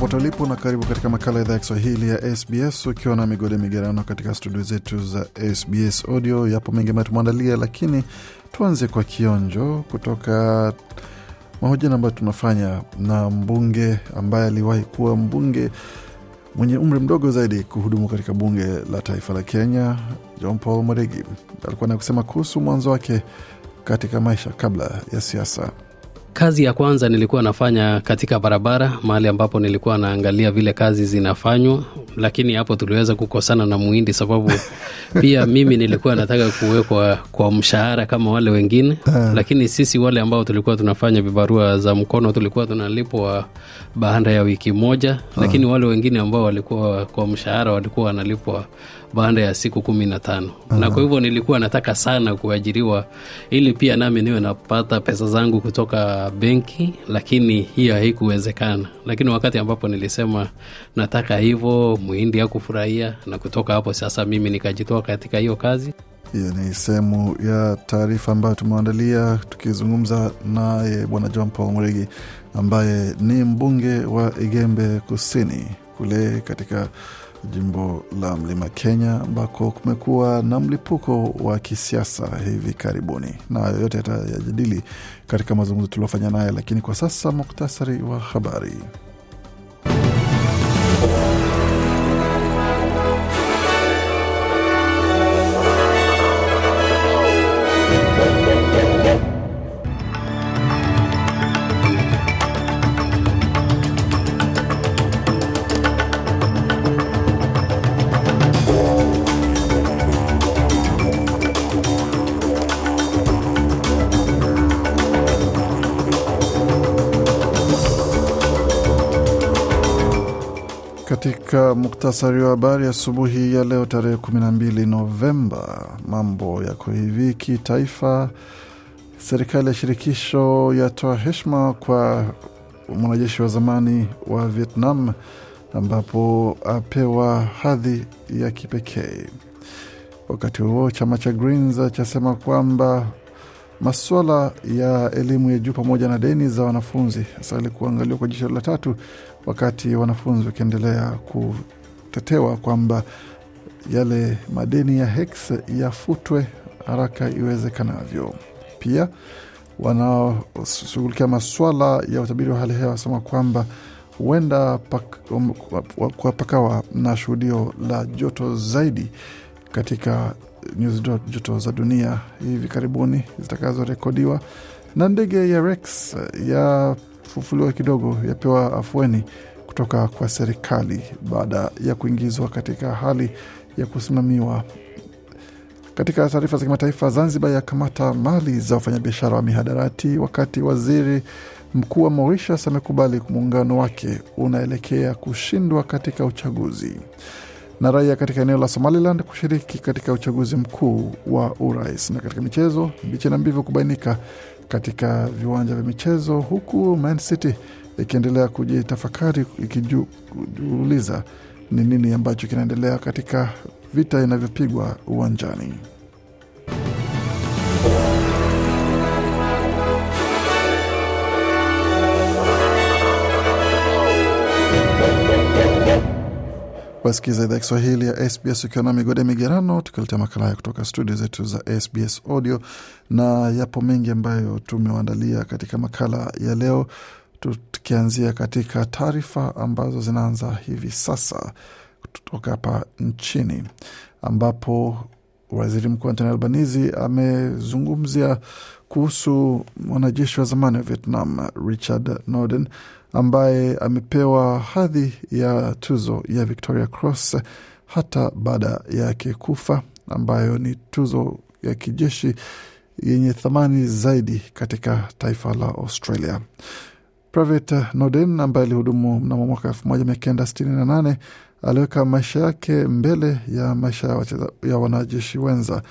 popote ulipo na karibu katika makala idhaa ya Kiswahili ya SBS ukiwa na migode migerano katika studio zetu za SBS Audio. Yapo mengi ambayo tumeandalia, lakini tuanze kwa kionjo kutoka mahojano ambayo tunafanya na mbunge ambaye aliwahi kuwa mbunge mwenye umri mdogo zaidi kuhudumu katika bunge la taifa la Kenya, John Paul Mweregi. Alikuwa na kusema kuhusu mwanzo wake katika maisha kabla ya siasa. Kazi ya kwanza nilikuwa nafanya katika barabara, mahali ambapo nilikuwa naangalia vile kazi zinafanywa, lakini hapo tuliweza kukosana na Muhindi sababu pia mimi nilikuwa nataka kuwekwa kwa mshahara kama wale wengine eh. Lakini sisi wale ambao tulikuwa tunafanya vibarua za mkono tulikuwa tunalipwa baada ya wiki moja, ah. lakini wale wengine ambao walikuwa kwa mshahara walikuwa wanalipwa baada ya siku kumi na tano na kwa hivyo nilikuwa nataka sana kuajiriwa ili pia nami niwe napata pesa zangu kutoka benki, lakini hiyo haikuwezekana. Lakini wakati ambapo nilisema nataka hivyo, muhindi kufurahia na kutoka hapo sasa mimi nikajitoa katika hiyo kazi. Hiyo ni sehemu ya taarifa ambayo tumeandalia tukizungumza naye Bwana John Paul mrigi ambaye ni mbunge wa Igembe Kusini kule katika jimbo la Mlima Kenya ambako kumekuwa na mlipuko wa kisiasa hivi karibuni, na yote yatayajadili katika mazungumzo tuliofanya naye, lakini kwa sasa muktasari wa habari. katika muktasari wa habari asubuhi ya, ya leo tarehe 12 Novemba, mambo yako hivi. Kitaifa, serikali ya shirikisho yatoa heshima kwa mwanajeshi wa zamani wa Vietnam ambapo apewa hadhi ya kipekee. Wakati huo chama cha Greens chasema kwamba Maswala ya elimu ya juu pamoja na deni za wanafunzi hasa kuangaliwa kwa jicho la tatu, wakati wanafunzi wakiendelea kutetewa kwamba yale madeni ya HEX yafutwe haraka iwezekanavyo. Pia wanaoshughulikia maswala ya utabiri wa hali hewa wasema kwamba huenda pakawa na shuhudio la joto zaidi katika nyuzi joto za dunia hivi karibuni zitakazorekodiwa, na ndege ya Rex eh, yafufuliwa kidogo, yapewa afueni kutoka kwa serikali baada ya kuingizwa katika hali ya kusimamiwa. Katika taarifa za kimataifa, Zanzibar yakamata mali za wafanyabiashara wa mihadarati, wakati waziri mkuu wa Mauritius amekubali muungano wake unaelekea kushindwa katika uchaguzi na raia katika eneo la Somaliland kushiriki katika uchaguzi mkuu wa urais. Na katika michezo, mbichi na mbivu kubainika katika viwanja vya michezo, huku Man City ikiendelea kujitafakari, ikijiuliza ni nini ambacho kinaendelea katika vita inavyopigwa uwanjani. wasikiliza idhaa Kiswahili ya SBS ukiwa na migode migerano, tukiletea makala haya kutoka studio zetu za SBS Audio, na yapo mengi ambayo tumewaandalia katika makala ya leo, tukianzia katika taarifa ambazo zinaanza hivi sasa kutoka hapa nchini ambapo waziri mkuu Antoni Albanizi amezungumzia kuhusu mwanajeshi wa zamani wa Vietnam Richard Norden ambaye amepewa hadhi ya tuzo ya Victoria Cross hata baada yake kufa, ambayo ni tuzo ya kijeshi yenye thamani zaidi katika taifa la Australia. Private Noden ambaye alihudumu mnamo mwaka nane aliweka maisha yake mbele ya maisha ya wanajeshi wenza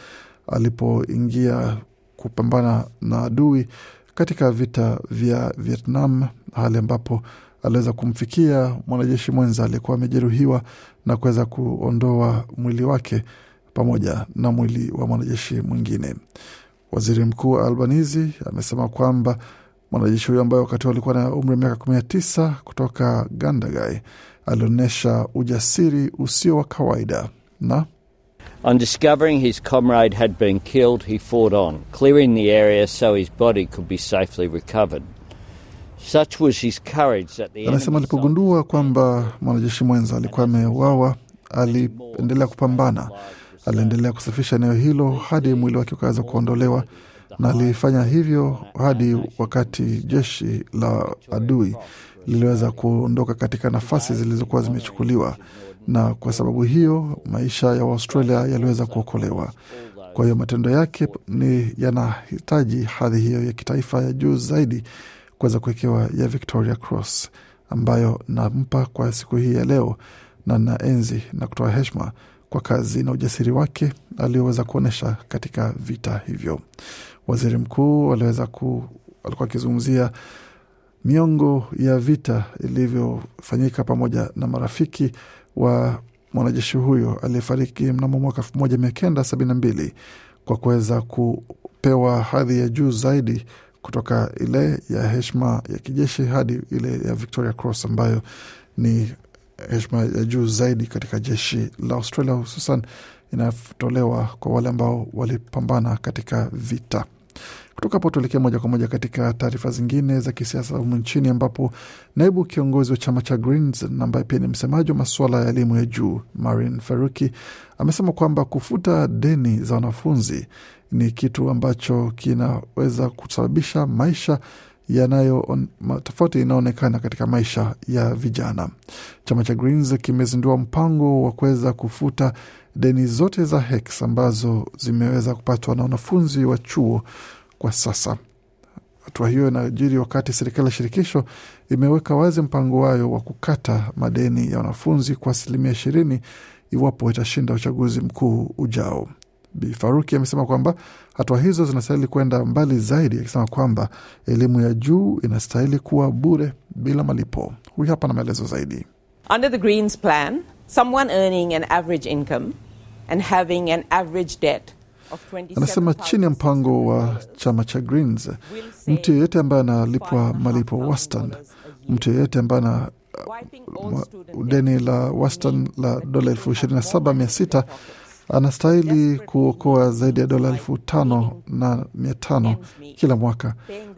alipoingia kupambana na adui katika vita vya Vietnam, hali ambapo aliweza kumfikia mwanajeshi mwenza aliyekuwa amejeruhiwa na kuweza kuondoa mwili wake pamoja na mwili wa mwanajeshi mwingine. Waziri Mkuu Albanizi amesema kwamba mwanajeshi huyo ambaye wakati alikuwa na umri wa miaka kumi na tisa kutoka Gandagai alionyesha ujasiri usio wa kawaida na On discovering his comrade had been killed, he fought on, clearing the area so his body could be safely recovered. Such was his courage that the anasema alipogundua kwamba mwanajeshi mwenza alikuwa ameuawa, aliendelea kupambana, aliendelea kusafisha eneo hilo hadi mwili wake ukaweza kuondolewa, na alifanya hivyo hadi wakati jeshi la adui liliweza kuondoka katika nafasi zilizokuwa zimechukuliwa na kwa sababu hiyo maisha ya Waustralia yaliweza kuokolewa. Kwa hiyo matendo yake ni yanahitaji hadhi hiyo ya kitaifa ya juu zaidi kuweza kuwekewa ya Victoria Cross ambayo nampa kwa siku hii ya leo, na naenzi na kutoa heshima kwa kazi na ujasiri wake aliyoweza kuonyesha katika vita hivyo. Waziri mkuu aliweza ku, alikuwa akizungumzia miongo ya vita ilivyofanyika pamoja na marafiki wa mwanajeshi huyo aliyefariki mnamo mwaka mbili kwa kuweza kupewa hadhi ya juu zaidi kutoka ile ya heshima ya kijeshi hadi ile ya Victoria Cross ambayo ni heshima ya juu zaidi katika jeshi la Australia, hususan inatolewa kwa wale ambao walipambana katika vita. Kutoka hapo tuelekee moja kwa moja katika taarifa zingine za kisiasa humu nchini, ambapo naibu kiongozi wa chama cha Greens ambaye pia ni msemaji wa masuala ya elimu ya juu Marin Feruki amesema kwamba kufuta deni za wanafunzi ni kitu ambacho kinaweza kusababisha maisha yanayo tofauti inaonekana katika maisha ya vijana. Chama cha Greens kimezindua mpango wa kuweza kufuta deni zote za ambazo zimeweza kupatwa na wanafunzi wa chuo kwa sasa. Hatua hiyo inajiri wakati serikali ya shirikisho imeweka wazi mpango wayo wa kukata madeni ya wanafunzi kwa asilimia ishirini iwapo itashinda uchaguzi mkuu ujao. Bi Faruki amesema kwamba hatua hizo zinastahili kwenda mbali zaidi, akisema kwamba elimu ya juu inastahili kuwa bure bila malipo. Huyu hapa na maelezo zaidi. Under the Greens plan, someone earning an average income and having an average debt Anasema chini ya mpango wa chama cha Greens, mtu yeyote ambaye analipwa malipo wastan, mtu yeyote ambaye ana uh, deni la wastan la dola elfu ishirini na saba mia sita anastahili kuokoa zaidi ya dola elfu tano na mia tano kila mwaka.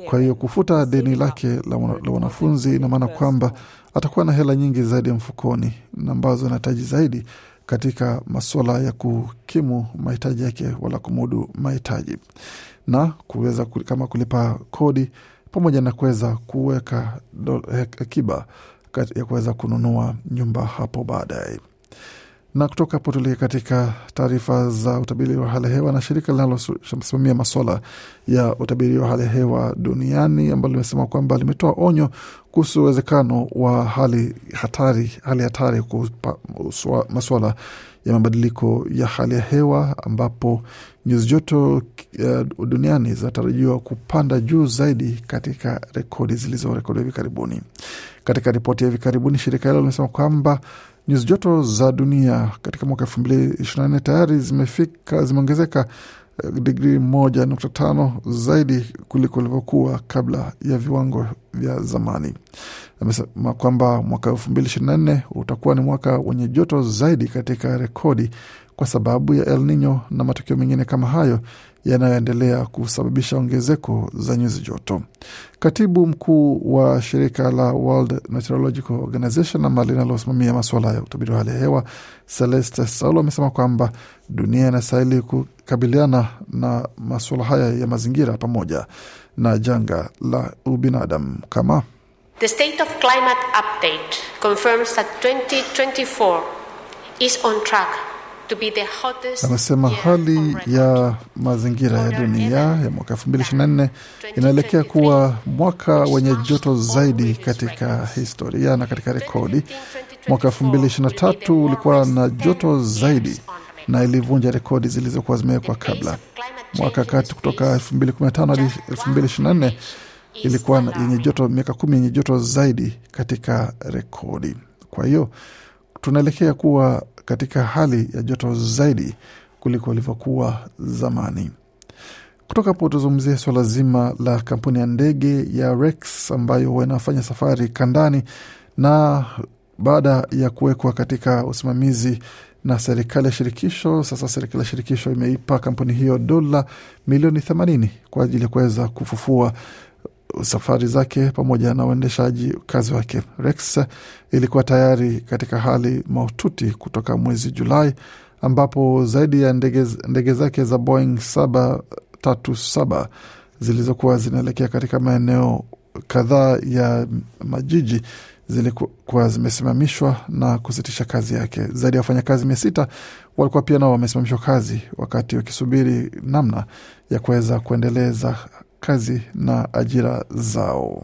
Kwa hiyo kufuta deni lake la, wanafunzi ina maana kwamba atakuwa na hela nyingi zaidi ya mfukoni na ambazo anahitaji zaidi katika masuala ya kukimu mahitaji yake wala kumudu mahitaji na kuweza kama kulipa kodi pamoja na kuweza kuweka eh, akiba ya kuweza kununua nyumba hapo baadaye. Na kutoka hapo tulike katika taarifa za utabiri wa hali ya hewa na shirika linalosimamia masuala ya utabiri wa hali hewa duniani ambalo limesema kwamba limetoa onyo kuhusu uwezekano wa hali hatari, hali hatari kuhusu masuala ya mabadiliko ya hali ya hewa ambapo nyuzi joto uh, duniani zinatarajiwa kupanda juu zaidi katika rekodi zilizorekodiwa hivi karibuni. Katika ripoti ya hivi karibuni, shirika hilo limesema kwamba Nyuzi joto za dunia katika mwaka elfu mbili ishirini na nne tayari zimefika zimeongezeka eh, digri moja nukta tano zaidi kuliko ilivyokuwa kabla ya viwango vya zamani. Amesema kwamba mwaka elfu mbili ishirini na nne utakuwa ni mwaka wenye joto zaidi katika rekodi kwa sababu ya El Nino na matokeo mengine kama hayo yanayoendelea kusababisha ongezeko za nyuzi joto. Katibu mkuu wa shirika la World Meteorological Organization ama linalosimamia masuala ya utabiri wa hali ya hewa Celeste Saulo amesema kwamba dunia inastahili kukabiliana na masuala haya ya mazingira pamoja na janga la ubinadamu kama The state of climate update confirms that 2024 is on track Anasema hali ya mazingira ya dunia ya mwaka nne inaelekea kuwa mwaka wenye joto zaidi katika historia na katika rekodi. Mwaka tatu ulikuwa na joto zaidi na ilivunja rekodi zilizokuwa zimewekwa kabla. Mwaka kati kutoka tano hadi nne ilikuwa yenye joto, miaka kumi yenye joto zaidi katika rekodi. Kwa hiyo tunaelekea kuwa katika hali ya joto zaidi kuliko ilivyokuwa zamani. Kutoka hapo tuzungumzie swala zima la kampuni ya ndege ya Rex ambayo wanafanya safari kandani na baada ya kuwekwa katika usimamizi na serikali ya shirikisho. Sasa serikali ya shirikisho imeipa kampuni hiyo dola milioni themanini kwa ajili ya kuweza kufufua safari zake pamoja na uendeshaji kazi wake. Rex ilikuwa tayari katika hali mahututi kutoka mwezi Julai, ambapo zaidi ya ndege zake za Boeing 737 zilizokuwa zinaelekea katika maeneo kadhaa ya majiji zilikuwa zimesimamishwa na kusitisha kazi yake. Zaidi ya wafanyakazi mia sita walikuwa pia nao wamesimamishwa kazi wakati wakisubiri namna ya kuweza kuendeleza kazi na ajira zao.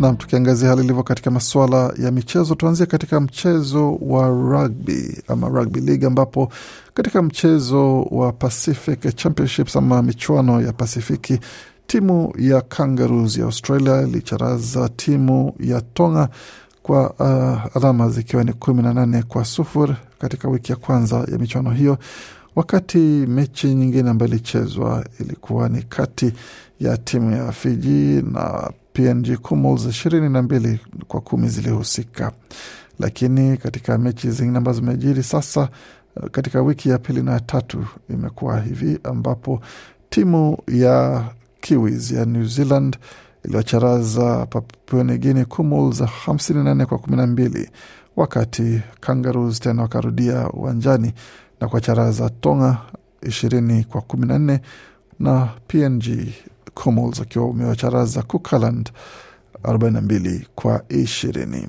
Nam, tukiangazia hali ilivyo katika masuala ya michezo, tuanzia katika mchezo wa rugby ama rugby league, ambapo katika mchezo wa Pacific Championships ama michuano ya Pasifiki, timu ya Kangaroos ya Australia ilicharaza timu ya Tonga kwa uh, alama zikiwa ni kumi na nane kwa sufuri katika wiki ya kwanza ya michuano hiyo Wakati mechi nyingine ambayo ilichezwa ilikuwa ni kati ya timu ya Fiji na PNG Comores, ishirini na mbili kwa kumi zilihusika. Lakini katika mechi zingine ambazo zimejiri sasa katika wiki ya pili na ya tatu imekuwa hivi ambapo timu ya Kiwis ya New Zealand iliyocharaza Papua New Guinea Comores 54 kwa 12, wakati Kangaroos tena wakarudia uwanjani na kwa chara za Tonga ishirini kwa kumi na nne na PNG Comals akiwa umewacharaza arobaini na mbili kwa ishirini.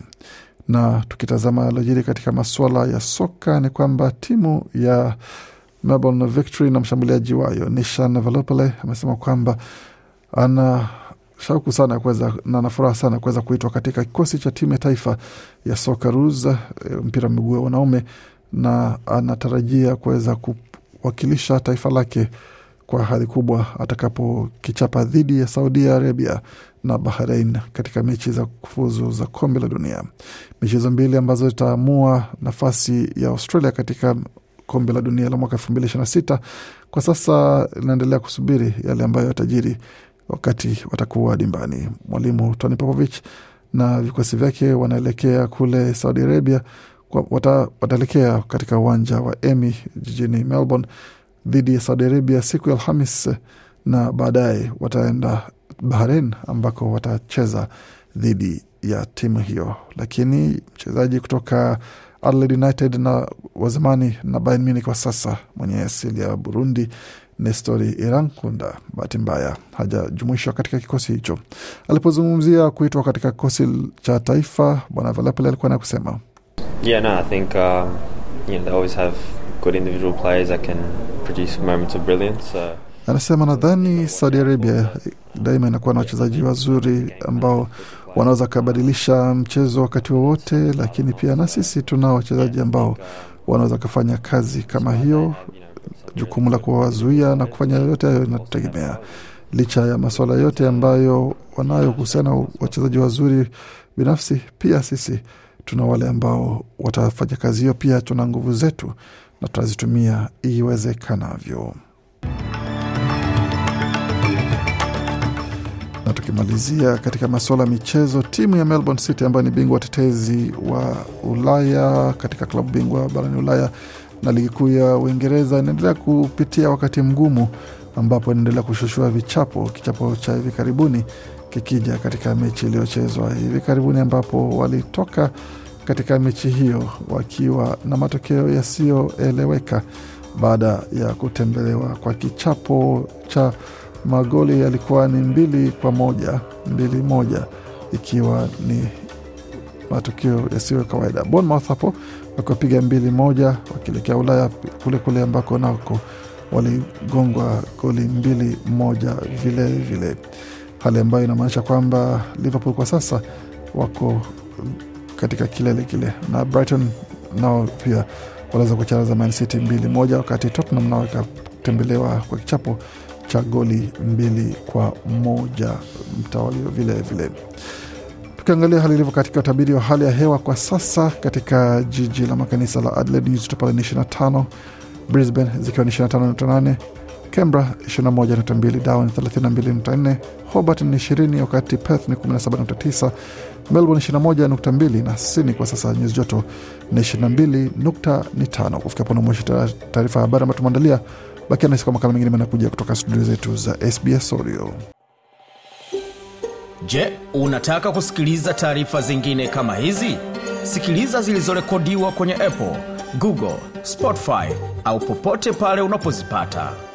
Na tukitazama alojiri katika masuala ya soka ni kwamba timu ya Melbourne Victory na mshambuliaji wayo Nishan Velopele amesema kwamba ana shauku sana kuweza na ana furaha sana kuweza kuitwa katika kikosi cha timu ya taifa ya soka eh, mpira mpira miguu ya wanaume na anatarajia kuweza kuwakilisha taifa lake kwa hadhi kubwa atakapokichapa dhidi ya Saudi Arabia na Bahrain katika mechi za kufuzu za kombe la dunia, hizo mbili ambazo itaamua nafasi ya Australia katika kombe la dunia la mwaka elfu mbili ishirini na sita. Kwa sasa linaendelea kusubiri yale ambayo yatajiri wakati watakuwa dimbani. Mwalimu Tony Popovich na vikosi vyake wanaelekea kule Saudi Arabia wataelekea katika uwanja wa Emi jijini Melbourne dhidi ya Saudi Arabia siku ya Alhamis na baadaye wataenda Bahrain ambako watacheza dhidi ya timu hiyo. Lakini mchezaji kutoka Adelaide United na wazamani na Bayern Munich kwa sasa mwenye asili ya Burundi Nestori Irankunda bahati mbaya hajajumuishwa katika kikosi hicho. Alipozungumzia kuitwa katika kikosi cha taifa, Bwana Valapele alikuwa na kusema Yeah, no, I think um, you know, they always have good individual players that can produce moments of brilliance. So anasema nadhani Saudi Arabia daima inakuwa na wachezaji wazuri ambao wanaweza kabadilisha mchezo wakati wowote, lakini pia na sisi tunao wachezaji ambao wanaweza kufanya kazi kama hiyo. Jukumu la kuwazuia na kufanya yoyote hayo inategemea, licha ya masuala yote ambayo wanayo kuhusiana wachezaji wazuri binafsi, pia sisi tuna wale ambao watafanya kazi hiyo. Pia tuna nguvu zetu na tutazitumia iwezekanavyo. Na tukimalizia katika masuala ya michezo, timu ya Melbourne City ambayo ni bingwa watetezi wa Ulaya katika klabu bingwa barani Ulaya na ligi kuu ya Uingereza inaendelea kupitia wakati mgumu ambapo inaendelea kushushua vichapo, kichapo cha hivi karibuni kikija katika mechi iliyochezwa hivi karibuni, ambapo walitoka katika mechi hiyo wakiwa na matokeo yasiyoeleweka baada ya kutembelewa kwa kichapo cha magoli yalikuwa ni mbili kwa moja, mbili moja, ikiwa ni matukio yasiyo kawaida. Bournemouth hapo wakiwapiga mbili moja wakielekea Ulaya kulekule kule ambako nako waligongwa goli mbili moja vilevile vile hali ambayo inamaanisha kwamba Liverpool kwa sasa wako katika kilele kile, na Brighton nao pia wanaweza kucharaza Man City mbili moja, wakati Tottenham nao ikatembelewa kwa kichapo cha goli mbili kwa moja mtawalio vile vile. Tukiangalia hali ilivyo katika utabiri wa hali ya hewa kwa sasa katika jiji la makanisa la Adelaide, nyuzi joto pale ni 25, Brisbane zikiwa ni 25.8 Canberra 21.2, Darwin 32.4, Hobart ni 20, wakati Perth ni 17.9, Melbourne 21.2 na Sydney kwa sasa nyuzi joto ni 22.5. Kufikia hapo mwisho taarifa ya habari ambayo tumeandalia. Bakia nasi kwa makala mengine manakuja kutoka studio zetu za SBS Audio. Je, unataka kusikiliza taarifa zingine kama hizi? Sikiliza zilizorekodiwa kwenye Apple, Google, Spotify au popote pale unapozipata.